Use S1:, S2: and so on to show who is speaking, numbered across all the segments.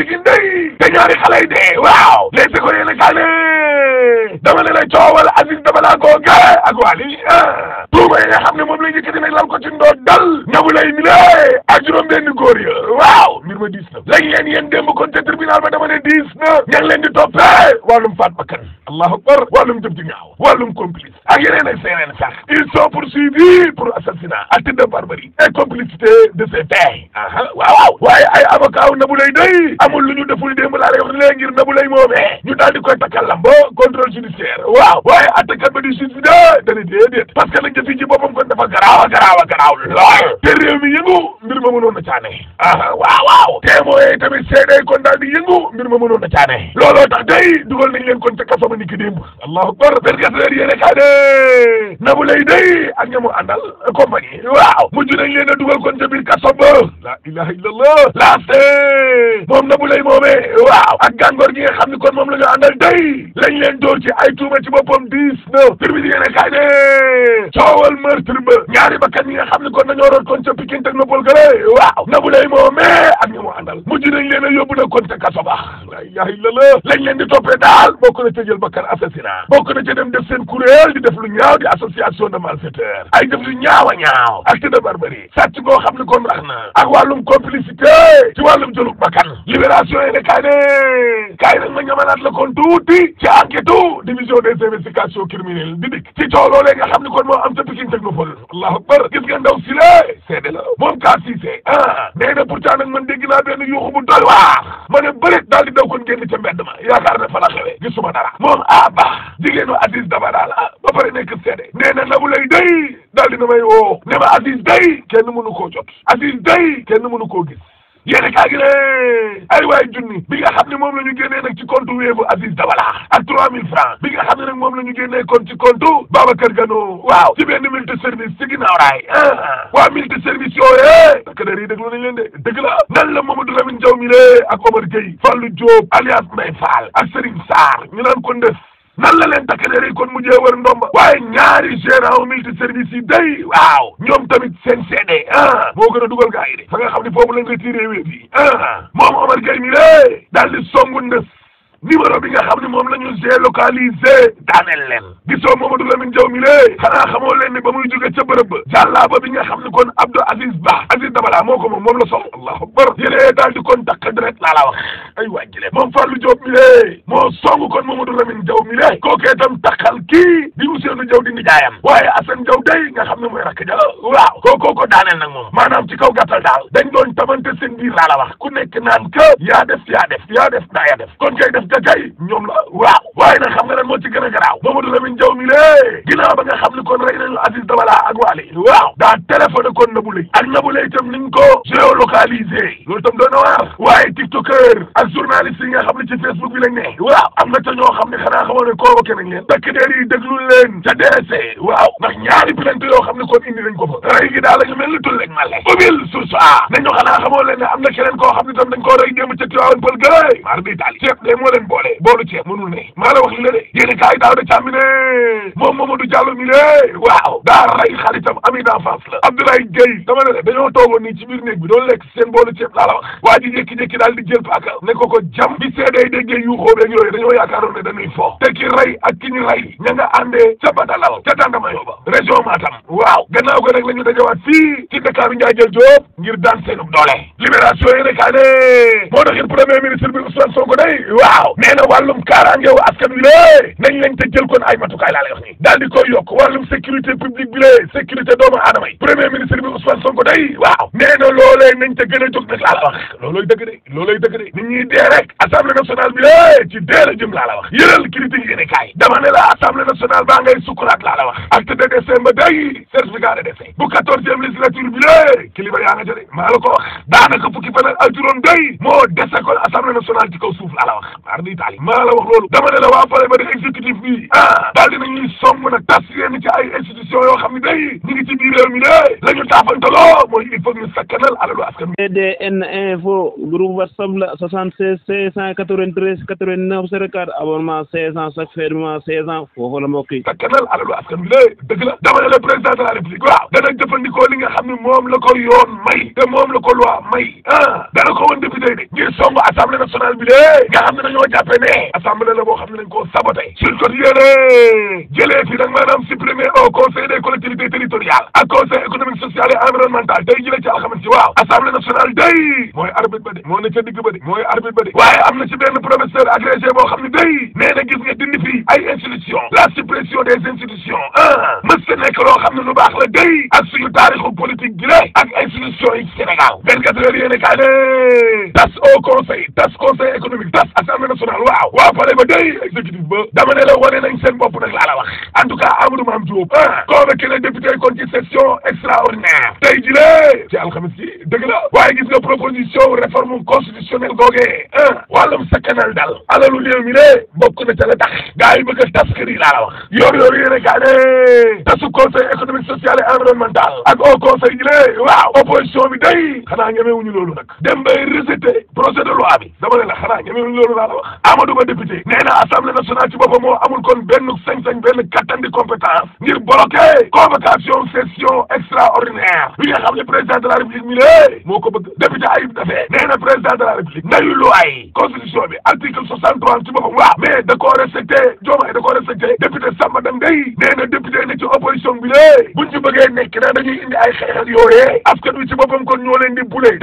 S1: Pikine day te ñaari xale yi dee waaw les écoles yéen a kaane dama ne la coowal Dabala googe ak Waly ah. tuuma yi nga xam ne moom la yëkkati nag lal ko ci ndoo dal ñamu lay mi ak juróom benn góor ya waaw mbir ma diis na léegi yéen yéen démb kon ca tribunal ba dama ne diis na ña ngi leen di toppee wàllum faat bakkan allahu akbar wàllum jëf ji ñaaw wàllum complice ak yeneen ak seeneen sax ils sont poursuivis pour assassinat acte de barbarie et complicité de ces aha waaw waaye ay avocat nabu lay day amul lu ñu deful démb laa lay wax kàddu di suuf si dee dia déedéet parce que nag jëf yi ci boppam kon dafa garaaw a garaaw a garaaw lool te réew mi yëngu mbir ma mënoon na caane ah waaw waaw te mooy tamit seede kon daal di yëngu mbir ma mënoon na caane looloo tax day dugal nañ leen kon ca kaso ba ni ki démb allahu akbar bergateur yéene kaa de nabu lay day ak ñamu àndal compagnie waaw mujj nañ leen dugal kon ca biir kaso ba la ilaha illallah laaste eh. moom nabu lay moomee eh. waaw ak gàngoor gi nga kon moom la ñu day lañ leen door ci ay tuuma ci dix-neuf termine yéene kaay ne coowal meurtre ba ñaari bakkan yi nga xam ne kon dañoo root kon ca Pikine Technopole gële waaw Nabou Leye moo mais ak ñu mu àndal nañ leen a yóbbu na kon ca kaso ba la yaay la la leen di toppee daal bokk na ca jël bakkan assassinat bokk na ca def seen kuréel di def lu ñaaw di association de malfaiteurs ay def lu ñaaw a ñaaw acte de barbarie sàcc goo xam ne kon rax na ak wàllum complicité ci wàllum jëlug bakkan libération yi ne kaay ne kaay nag ma ñamanaat la kon tuuti ci enquête division xam ne kon moo am ca allahu akbar gis nga ndaw si la seede moom kaa siisee ah nee na pourtant nag man dégg naa benn yuuxu bu doy waax ma ne bërit daal di daw kon génn ca mbedd ma yaakaar ne fa la xewee gisuma dara moom ah baax jigéenu Aziz Dabala la ba pare nekk seede nee na nabu lay day daal di na may woo ne ma Aziz day kenn mënu koo jot Aziz day kenn mënu koo gis yéeni kaa gi ne ay waay junni bi nga xam ne moom la ñu génnee nag ci compte wéebu Aziz Dabala ak trois mille francs bi nga xam ne nag moom la ñu génnee kon ci compte Babacar Gano waaw ci benn multi service ci ginnaaw raay ah waa multi service yooyee takk-der yi déglu nañ leen de dëgg la nan la Mamadou Lamine Diaw mi lée ak Omar Gueye Fallou Diop alias Mbaye Fall ak Serigne Sarr ñu naan ko ndef nan la leen takkadeer yi mu mujjee wër ndomba waaye ñaari gérant multi service yi day waaw ñoom tamit seen seede ah moo gën a dugal gaa yi de fa nga xam ne foofu lañ retiré wéet yi ah moom Omar Gueye mi lée daal di songu ndës numéro bi nga xam ne moom la ñu géolocalisé daaneel leen gisoo Mamadou Lamine Diaw mi lée xanaa xamoo leen ba muy jóge ca bërëb ba jàllaaba nga xam ne kon Abdou Aziz Ba Aziz Dabala moo ko moom moom la sol allahu akbar yénee daal di kon takk deret laa la wax ay wàajjilee moom Fallou Diop mi lée moo song kon Mamadou Lamine Diaw mi lée kookee tam takkal kii di Ousseynou Diaw di nijaayam waaye Assane Diaw day nga xam ne mooy rakk ja waaw ko ko daaneel nag moom maanaam ci kaw gàttal daal dañ doon tamante seen biir laa wax ku nekk naan def yaa def yaa def daa yaa def kon kay ga kay ñoom la waaw waaye nag xam nga lan moo ci gën a garaaw Mamadou Lamine Diaw mi lée ginnaaw ba nga xam ni kon rey nañu Aziz Dabala ak Waly waaw daa téléphoné kon Nabou Leye ak Nabou Leye itam niñ ko géolocalisé loolu itam doona waar waaye tiktokeur ak journaliste yi nga xam ne ci facebook bi lañ ne waaw am na ca ñoo xam ne xanaa xamoo ne convoqué nañ leen takk déer yi déglu leen ca DSC waaw ndax ñaari plainte yoo xam ne kon indi nañ ko fa rey gi daa la ñu mel ni tul rek male ubil sursa nañu xanaa xamoo leen ne am na keneen koo xam ne itam dañ koo rey démb ca Tivaouane Pël gëy mar bi daal ceeb de moo leen boole boolu ceeb mënul ne maa la wax li la de yéen kaay da càmmi ne moom Mamadou Diallo mi lé waaw daa rey xaritam ami d'enfance la Abdoulaye Gueye dama ne dañoo toogoon nii ci biir néeg bi doon lekk seen waa ji jékki-jékki daal di jël paaka ne ko ko jam bi seedey déggee yu xóobeeg yooyu dañoo yaakaaroon ne dañuy fo te ki rey ak ki ñu rey ña nga àndee ca Badalaw ca Tàndama Yoba région Matam waaw gannaaw ko nag la ñu dajawaat fii ci Dakar Ndiaye jël Diop waaw nee na wàllum kaaraangew askan wi lée nañ lañ te jël koon ay matukaay laa lay wax nii di koy yokk wàllum sécurité publique bi lée sécurité doomu aadama yi premier ministre bi Ousmane Sonko day waaw nee na loolee nañ te gën a jóg wax looloy dëgg de looloy dëgg de nit ñuy dee rek assemblée nationale bi lée ci dee jëm laa wax yëral critique yéene kaay dama la assemblée nationale baa ngay sukkuraat laa la wax de décès day certificat de bu daanaka fukki fan ak juróom day moo dese kon assemblée départ di Italie maa la wax loolu dama ne la waa fale ba di exécutif bi ah daal dinañuy song nag tas yéen ci ay institution yoo xam ne day ñu ngi ci biir réew mi de la ñu taafantaloo mooy il faut ñu sakkanal alalu askan wi e DDN info groupe whatsapp la 76 693 89 04 abonnement 1600 chaque fermement 1600 foofu la askan wi de dëgg la dama ne la dana jëfandikoo li nga xam ne moom la yoon may ah, dana ko woon député de ngir song assemblée nationale nga xam jàppe ne assemblée la ko fi au conseil des collectivités territoriales conseil économique social et environnemental ci waaw assemblée nationale day arbitre ba de ne digg ba de arbitre ba de ci professeur agrégé day gis nga dindi ay la suppression des institutions lu la day ak suñu politique gi ak yi ci Sénégal heures tas au conseil tas conseil économique tas assemblée national waaw waa pare ba day exécutif ba dama ne la wane nañ seen bopp nag laa la wax en tout cas Amadou Mame Diop ah convoqué na député kon ci session extraordinaire tey ji lee ci alxamis ji dëgg la waaye gis nga proposition réforme constitutionnelle googee ah wàllum sakkanal dal alalu réew mi lee bokk na ca la tax gars yi bëgg a tas kër yi wax yoor yoor yéene kaa ne tasu conseil économique social ak au conseil ji lee waaw opposition bi day xanaa ñemewuñu loolu wax Amadou Ba député nee na assemblée nationale ci boppam moo amul kon benn sañ-sañ benn kattan compétence ngir bloquer convocation session extraordinaire bi nga xam ne président de la république mi lée moo ko bëgg député Ayib Daffé nee président de la république ndayu luwaay constitution bi article soixante trois ci boppam waaw mais da koo respecté Diomaye da koo respecté député Samba Deme day député ne ci opposition bi lée buñ ci bëggee nekk na indi ay xeexal kon ñoo leen di bulee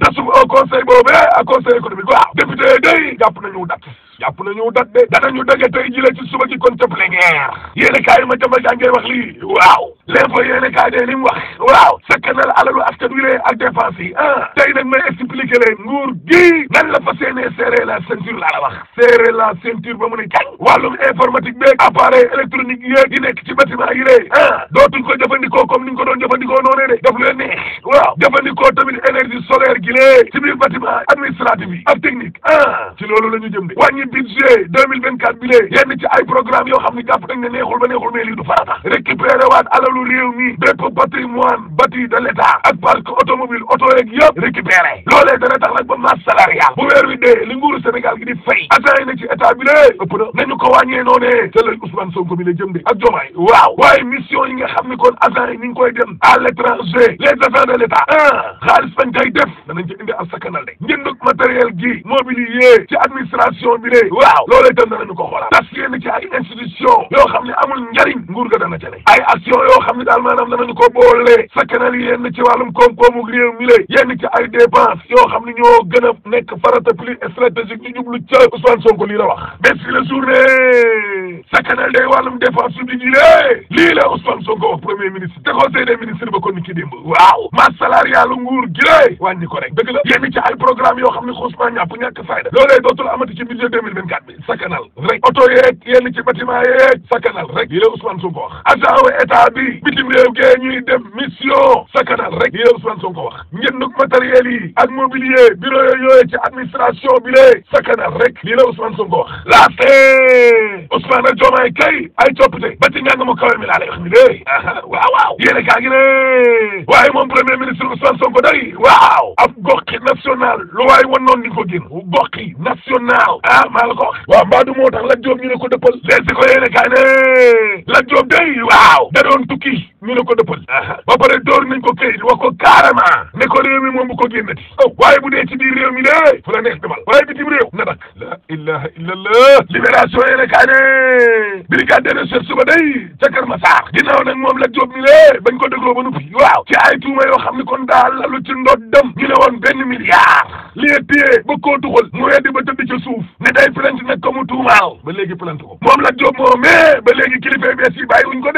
S1: tasum o conseil boobee eh, ak conseil économique waaw député day jàpp nañu dat jàpp nañu dag de danañu dage tey jile ci suba gi kon ca plénière a kaay ma jamba jàngee wax lii waaw l'info yéen a kaay de li wax waaw sakkanal alalu askan ak dépense yi ah. tey nag may expliqué nguur gi nan la fa seenee serré la ceinture laa la wax serré la ceinture ba mu ne jàng wàllum informatique beeg appareil électronique yéeg yi nekk ci bâtiment yi dee ah dootuñ ko jëfandikoo comme ni ñu ko doon jëfandikoo noonee de def leen neex waaw jëfandikoo tamit énergie solaire gi budget deux mille vingt quatre bi lee yenn ci ay programme yoo xam ne jàpp nañ ne neexul ba neexul mais lii du farata récupéré waat alalu réew mi bépp patrimoine bâti de l'état ak parc automobile auto yeeg yëpp récupéré loolee dana tax nag ba masse bu weer wi li nguuru Sénégal gi di fay agent yi ci état bi lee na nañu ko wàññee noonee te lañ Ousmane Sonko bi la jëm de ak Diomaye waaw waaye mission yi nga xam ne kon agent yi ñu ngi dem à l'étranger les agents de l'état ah xaalis de waaw loolee dem nañu ko xoolaat parce que ci ay institution yoo xam ne amul njariñ nguur ga dana ca ay action yoo xam ne daal maanaam danañu ko boolee sakkanal yénn ci wàllum koom-koomu réew mi lay ci ay dépense yoo xam ne ñoo gën a nekk farata plus stratégique ñu jublu ca Ousmane Sonko lii la wax bés si la journée sakkanal day wàllum dépense publique yi lée lii la Ousmane des ministres te o des ministres ba kon ni ki démb waaw masse salariale nguur gi wàññi ko rek dëgg la ci ay programme yoo xam ne xuusma ñàpp ñàkk fayda loolee dootul amati ci budget 2024 bi sakanal rek oto yeeg yénn ci bâtiment yeeg sakanal rek yi la Ousmane Sonko wax bi bitim réew gee ñuy dem mission sakanal rek yi la Ousmane Sonko wax njëndug matériel yi ak mobilier bureau yooyu yooyu ci administration bi sakanal rek lii la Ousmane Sonko wax laate Ousmane a Diomaye kay ay coppite ba waaw waaw yéene kaa ngi ne waaye moom premier ministre Ousmane Sonko day waaw ab goxi national lu waaye wan noon ni ko gën goxi national ah maa la ko waa waaw mbaadu moo tax la joob ñu ne ko dëppal se ko yéene kaa ne la joob day waaw da doon tukki ñu ne ko dëppal ba pare door nañ ko këyit wax ko ne ko réew romb ko génnati aw oh, waaye bu dee ci biir réew mi de fu la neex demal waaye bitim réew na dak la ilaha illallah libération yéene kaa ne brigade de recherche suba day ca Kër Massar ginnaaw nag moom la Jóob mi lée bañ ko dégloo ba noppi waaw ci ay tuuma yoo xam ne kon daal la lu ci ndod dem ñu ne woon benn milliard liee téyee ba koo tuxal mu weddi ba tëdd ca suuf ne day plante nag ko mu tuumaaw ba léegi plante ko moom la Jóob moo mais ba léegi kilifa bees yi bàyyi wuñ ko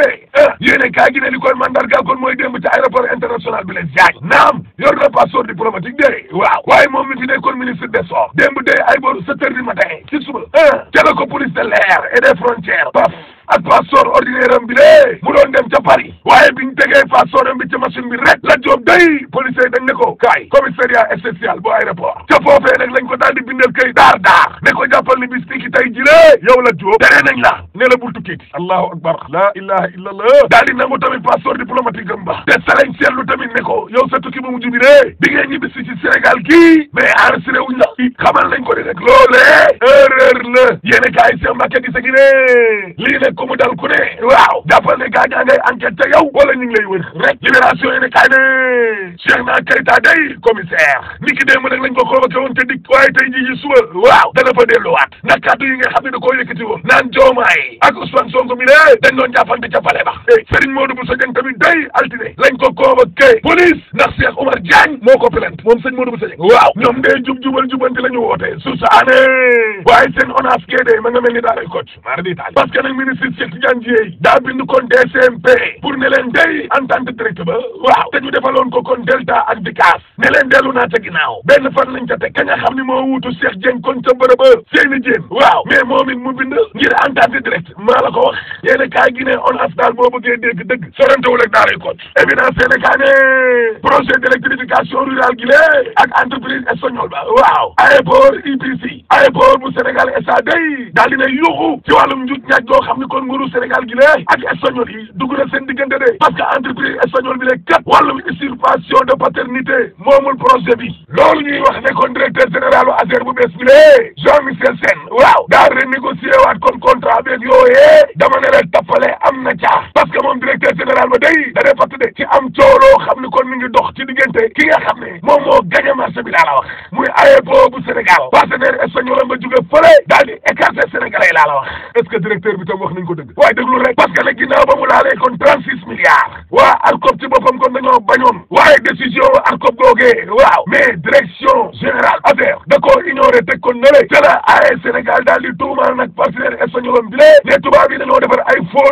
S1: sort diplomatique day waaw waaye moom mi fi nekkoon ministre des sports démb day ay booru sept heures du matin suba ah ca ko police de l'air et des frontières paf ak passeport ordinaire am de mu doon dem ca Paris waaye bi ñu tegee passeport am bi ca la job day policier dañ ne ko kaay commissariat spécial bu aéroport ca foofee nag lañ ko daal di bindal kay daar daar ne ko jàppal ni bis tiki tey jiree yow la jóob tere nañ la ne la bul tukkeeti allahu akbar la ilaha illa allah daal di nangu tamit passeport diplomatique am ba ne ko yow sa tukki bu mujj bi de di ngeen ñibbi si ci Sénégal kii mais enregistré la ko di rek loolee erreur la yéene kaay si nag ku mu dal ku ne waaw jàppal ne gaa ñaa ngay enquête te yow wala ñu ngi lay wër rek libération yi ne kaay ne Cheikh naa Keita day commissaire ni ki démb nag lañ ko convoqué woon te dik waaye tey jii ji suba waaw dana fa delluwaat nag kàddu yi nga xam ne da koo yëkkati woon naan joomaay ak Ousmane Sonko mi ne dañ doon jàppante ca pale ba eh, Serigne Modou Bousso Dieng tamit day altine lañ ko convoqué police ndax Cheikh Oumar Diagne moo ko plainte moom Serigne Modou Bousso Dieng waaw ñoom dee jub-jubal jubanti la ñu woote su saane waaye seen ONAS kee day ma nga ni daaray kocc mardi Sidi Cheikh Tidiane Dièye daa bind kon DCMP pour ne leen day entente directe ba waaw te ñu defaloon ko kon Delta ak Dicaas ne leen dellu naa ca ginnaaw benn fan lañ ca teg ka nga xam ne moo wuutu Cheikh Dieng kon ca bërëb ba Seyni Dieng waaw mais moom it mu bind ngir entente directe maa la ko wax yéen kaay on as daal boo bëggee dégg dëgg sorantewul ak daaray Kocc évidence yéen kaay ne projet d'électrification rurale gi lée ak entreprise espagnole ba waaw aéroport IPC aéroport bu Sénégal SA kon nguuru Sénégal gi lée ak espagnol yi dugg na seen de parce que entreprise espagnol bi le kat wàllum usurpation de paternité moomul projet bi loolu ñuy wax ne kon directeur général u ASER bu bi lée Jean Michel Sène waaw daa renégocier waat kon contrat beeg yooyee dama ne rek am na caa parce moom directeur général ba day da dee de ci am cooloo xam ni kon mi ngi dox ci diggante ki nga xam ne moom moo gagné marché bi laa la wax muy AEPO nañ ko dëgg waaye déglu rek parce que nag ginnaaw ba mu laalee kon trente six milliards waa ARCOP ci boppam kon dañoo bañoon waaye décision ARCOP googee waaw mais direction générale affaire da pare teg ko nële te la AS Sénégal daal di tuumaal nag partenaire espagnolam bi lee ne defar ay faux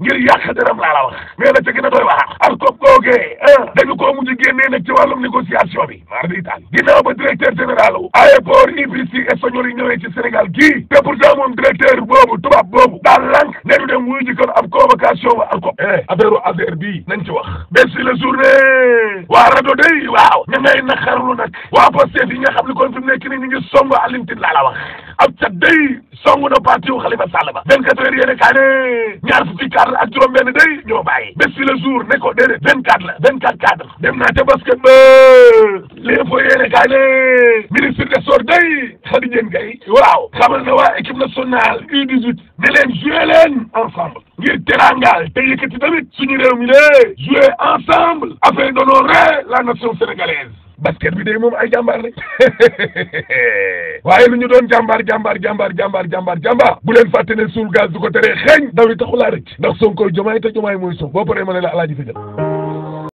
S1: ngir yàq deram laa la wax mais la ca gën a doy wax ak kob googee ah dañu koo mujj génnee nag ci wàllum négociation bi maar di taal ginnaaw ba directeur général u aéroport IBC espagnol yi ñëwee ci Sénégal gii te pourtant moom directeur boobu tubaab boobu daal lànk ne du dem wuyu ji kon ab convocation wa ak kob eh affaire u affaire wax bés si la journée waa rajo day waaw ña ngay naqarlu nag waa Pastef yi nga xam ne songu Alioune Tine la wax ab cat day songu na parti wu Khalifa Sall ba vingt quatre heures yéene kaa ne ñaar fukki cadre ak juróom benn day ñoo bàyyi bés si le jour ne ko déedéet vingt quatre la vingt quatre cadre dem naa ca basket ba euh, les fo yéene kaa ministre des day Khady Diène Gaye waaw na waa équipe nationale U18 ne leen joué leen ngir terangal te yëkkati tamit suñu réew mi lée jouer ensemble afin d'honorer la nation sénégalaise basket bi day mom ay jambar lañ waaye lu ñu doon jambar jambar jambar jambar jambar jamba bu len fàtte ne suul gaz du ko téré xéñ daw taxula taxulaa ndax Sonko koy jomaay te jomaay mooy Sonko bo paré mané la aladi fi jël